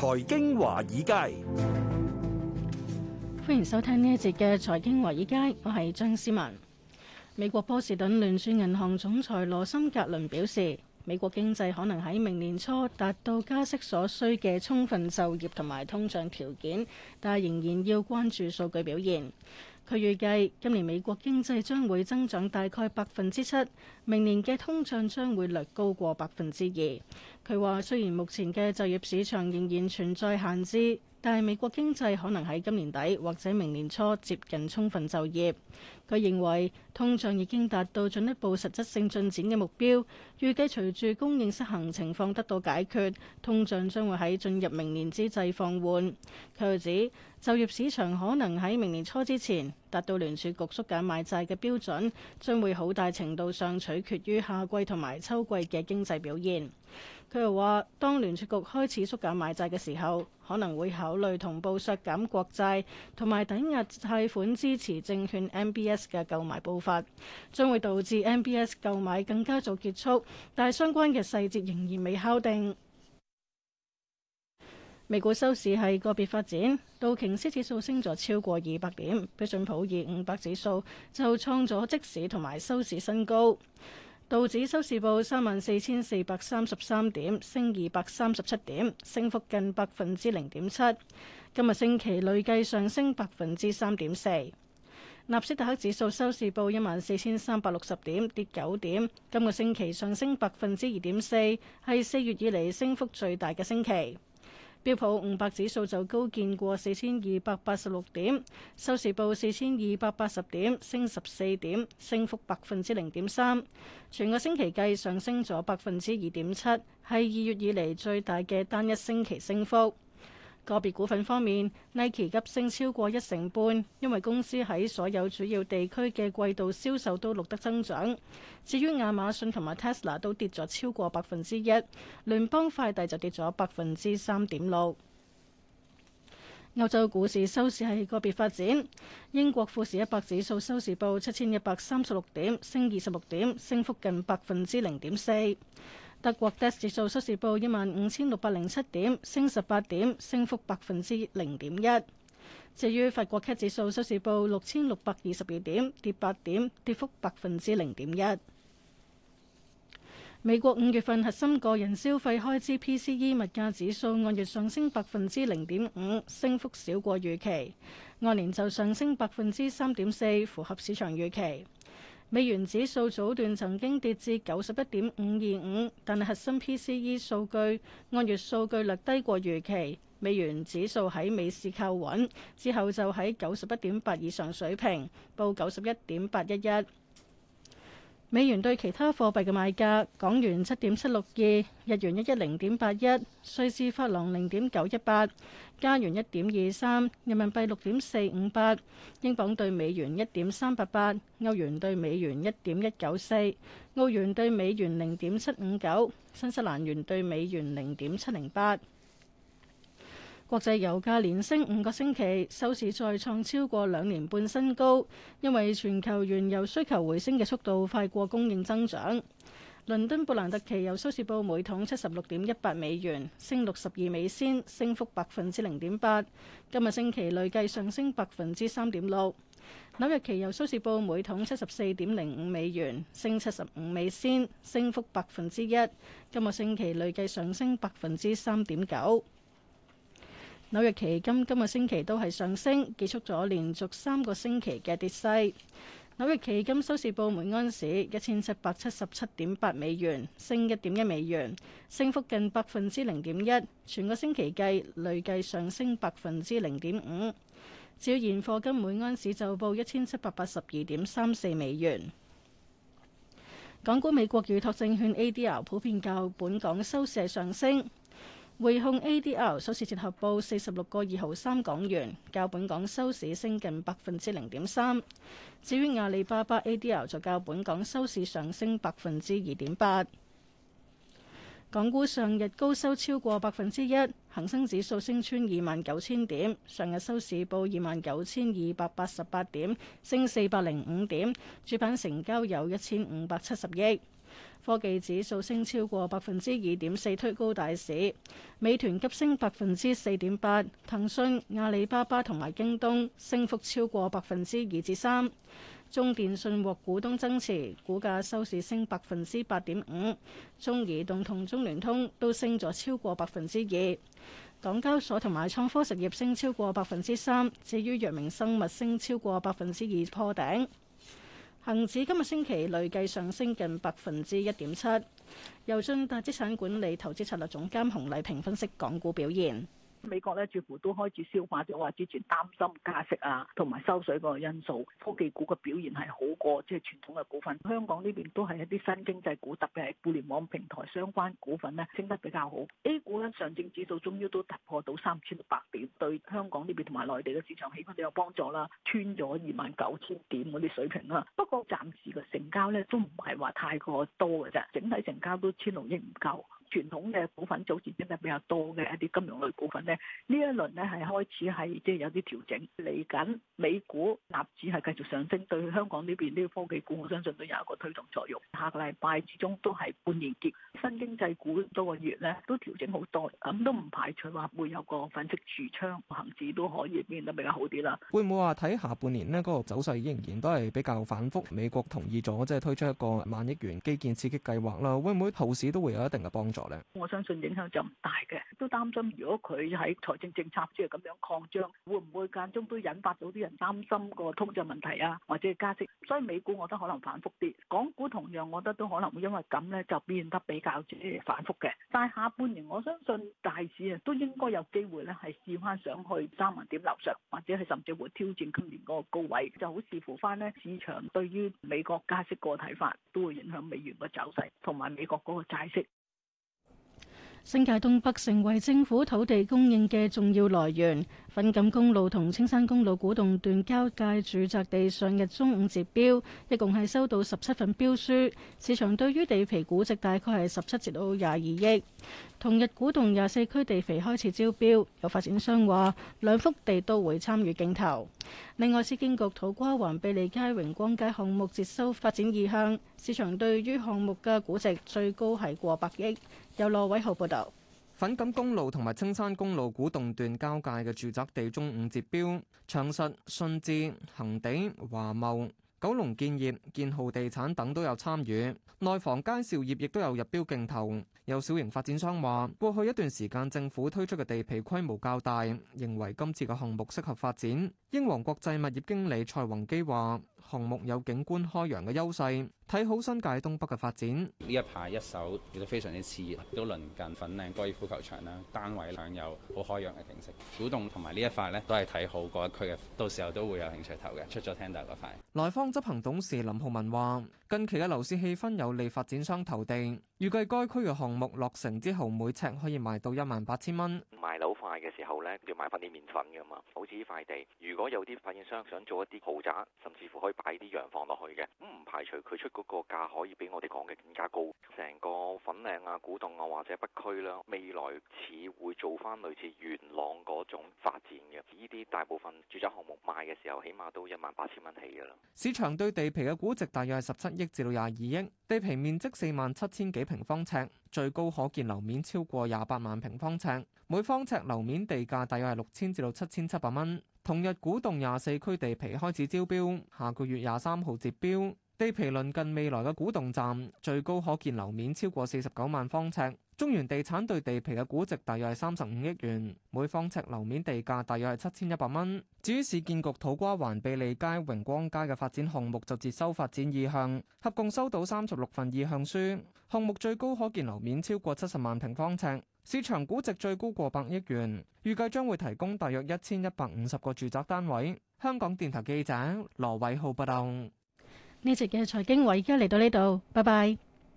財經華爾街，歡迎收聽呢一節嘅財經華爾街，我係張思文。美國波士頓聯儲銀行總裁羅森格倫表示，美國經濟可能喺明年初達到加息所需嘅充分就業同埋通脹條件，但仍然要關注數據表現。佢預計今年美國經濟將會增長大概百分之七，明年嘅通脹將會略高過百分之二。佢話：雖然目前嘅就業市場仍然存在限制，但係美國經濟可能喺今年底或者明年初接近充分就業。佢認為通脹已經達到進一步實質性進展嘅目標，預計隨住供應失衡情況得到解決，通脹將會喺進入明年之際放緩。佢又指就業市場可能喺明年初之前達到聯儲局縮減買債嘅標準，將會好大程度上取決於夏季同埋秋季嘅經濟表現。佢又話：當聯儲局開始縮減買債嘅時候，可能會考慮同步削減國債同埋抵押貸款支持證券 MBS 嘅購買步伐，將會導致 MBS 購買更加早結束。但相關嘅細節仍然未敲定。美股收市係個別發展，道瓊斯指數升咗超過二百點，標準普爾五百指數就創咗即市同埋收市新高。道指收市報三萬四千四百三十三點，升二百三十七點，升幅近百分之零點七。今日星期累計上升百分之三點四。納斯達克指數收市報一萬四千三百六十點，跌九點。今個星期上升百分之二點四，係四月以嚟升幅最大嘅星期。標普五百指數就高見過四千二百八十六點，收市報四千二百八十點，升十四點，升幅百分之零點三。全個星期計上升咗百分之二點七，係二月以嚟最大嘅單一星期升幅。個別股份方面，Nike 急升超過一成半，因為公司喺所有主要地區嘅季度銷售都錄得增長。至於亞馬遜同埋 Tesla 都跌咗超過百分之一，聯邦快遞就跌咗百分之三點六。歐洲股市收市係個別發展，英國富時一百指數收市報七千一百三十六點，升二十六點，升幅近百分之零點四。德國 DAX 指數收市報一萬五千六百零七點，升十八點，升幅百分之零點一。至於法國 CAC 指數收市報六千六百二十二點，跌八點，跌幅百分之零點一。美國五月份核心個人消費開支 PCE 物價指數按月上升百分之零點五，升幅少過預期；按年就上升百分之三點四，符合市場預期。美元指數早段曾經跌至九十一點五二五，但核心 PCE 數據按月數據略低過預期，美元指數喺美市靠穩，之後就喺九十一點八以上水平，報九十一點八一一。美元對其他貨幣嘅賣價：港元七點七六二，日元一一零點八一，瑞士法郎零點九一八，加元一點二三，人民幣六點四五八，英鎊對美元一點三八八，歐元對美元一點一九四，澳元對美元零點七五九，新西蘭元對美元零點七零八。國際油價連升五個星期，收市再創超過兩年半新高，因為全球原油需求回升嘅速度快過供應增長。倫敦布蘭特期油收市報每桶七十六點一八美元，升六十二美仙，升幅百分之零點八。今個星期累計上升百分之三點六。紐約期油收市報每桶七十四點零五美元，升七十五美仙，升幅百分之一。今個星期累計上升百分之三點九。紐約期金今個星期都係上升，結束咗連續三個星期嘅跌勢。紐約期金收市報每安士一千七百七十七點八美元，升一點一美元，升幅近百分之零點一。全個星期計累計上升百分之零點五。至於現貨金每安士就報一千七百八十二點三四美元。港股美國預託證券 ADR 普遍較本港收市上升。匯控 ADR 收市折合報四十六個二毫三港元，較本港收市升近百分之零點三。至於阿里巴巴 ADR 就較本港收市上升百分之二點八。港股上日高收超過百分之一，恒生指數升穿二萬九千點，上日收市報二萬九千二百八十八點，升四百零五點，主板成交有一千五百七十億。科技指數升超過百分之二點四，推高大市。美團急升百分之四點八，騰訊、阿里巴巴同埋京東升幅超過百分之二至三。中電信獲股東增持，股價收市升百分之八點五。中移動同中聯通都升咗超過百分之二。港交所同埋創科實業升超過百分之三。至於藥明生物升超過百分之二，破頂。恒指今個星期累計上升近百分之一點七。由信達資產管理投資策略總監洪麗萍分析港股表現。美國咧似乎都開始消化咗，話之前擔心加息啊同埋收水嗰個因素，科技股嘅表現係好過即係、就是、傳統嘅股份。香港呢邊都係一啲新經濟股，特別係互聯網平台相關股份咧升得比較好。A 股咧上證指數終於都突破到三千六百點，對香港呢邊同埋內地嘅市場起碼都有幫助啦，穿咗二萬九千點嗰啲水平啦。不過暫時嘅成交咧都唔係話太過多嘅啫，整體成交都千六億唔夠。傳統嘅股份早前升得比較多嘅一啲金融類股份。呢一輪咧係開始係即係有啲調整，嚟緊美股納指係繼續上升，對香港呢邊啲科技股，我相信都有一個推動作用。下個禮拜始終都係半年結新經濟股多個月呢都調整好多，咁都唔排除話會有個粉飾櫥窗，恒指都可以變得比較好啲啦。會唔會話睇下半年呢個走勢仍然都係比較反覆？美國同意咗即係推出一個萬億元基建刺激計劃啦，會唔會後市都會有一定嘅幫助呢？我相信影響就唔大嘅，都擔心如果佢。喺財政政策之下咁樣擴張會唔會間中都引發到啲人擔心個通脹問題啊，或者係加息，所以美股我覺得可能反覆啲，港股同樣我覺得都可能會因為咁咧，就變得比較之反覆嘅。但係下半年我相信大市啊，都應該有機會咧，係試翻上去三萬點樓上，或者係甚至會挑戰今年嗰個高位，就好視乎翻咧市場對於美國加息個睇法，都會影響美元個走勢同埋美國嗰個債息。新界東北成為政府土地供應嘅重要來源。粉錦公路同青山公路古洞段交界住宅地上日中午截標，一共係收到十七份標書。市場對於地皮估值大概係十七至到廿二億。同日古洞廿四區地皮開始招標，有發展商話兩幅地都會參與競投。另外，市建局土瓜灣庇利街榮光街項目接收發展意向，市場對於項目嘅估值最高係過百億。有羅偉浩報道。粉錦公路同埋青山公路古洞段交界嘅住宅地中五折標，長實、信置、恒鼎、華茂、九龍建業、建浩地產等都有參與。內房街紹業亦都有入標競投。有小型發展商話，過去一段時間政府推出嘅地皮規模較大，認為今次嘅項目適合發展。英皇國際物業經理蔡宏基話。項目有景觀開揚嘅優勢，睇好新界東北嘅發展。呢一排一手亦都非常之熾熱，都鄰近粉嶺高爾夫球場啦，單位享有好開揚嘅景色，古洞同埋呢一塊呢都係睇好嗰一區嘅，到時候都會有興趣投嘅。出咗 Tender 嗰塊。萊坊執行董事林浩文話：近期嘅樓市氣氛有利發展商投地。預計該區嘅項目落成之後，每呎可以賣到一萬八千蚊。賣樓快嘅時候咧，要買翻啲麵粉㗎嘛。好似呢塊地，如果有啲發展商想做一啲豪宅，甚至乎可以擺啲洋房落去嘅，唔排除佢出嗰個價可以比我哋講嘅更加高。成個粉嶺啊、古洞啊或者北區啦，未來似會做翻類似元朗嗰種發展嘅。依啲大部分住宅項目賣嘅時候，起碼都一萬八千蚊起㗎啦。市場對地皮嘅估值大約係十七億至到廿二億，地皮面積四萬七千幾。平方尺最高可見樓面超過廿八萬平方尺，每方尺樓面地價大約係六千至到七千七百蚊。同日，古洞廿四區地皮開始招標，下個月廿三號截標。地皮鄰近未來嘅古洞站，最高可見樓面超過四十九萬方尺。中原地產對地皮嘅估值大約係三十五億元，每方尺樓面地價大約係七千一百蚊。至於市建局土瓜灣庇利街榮光街嘅發展項目就接收發展意向，合共收到三十六份意向書。項目最高可建樓面超過七十萬平方尺，市場估值最高過百億元，預計將會提供大約一千一百五十個住宅單位。香港電台記者羅偉浩報道。呢節嘅財經委而家嚟到呢度，拜拜。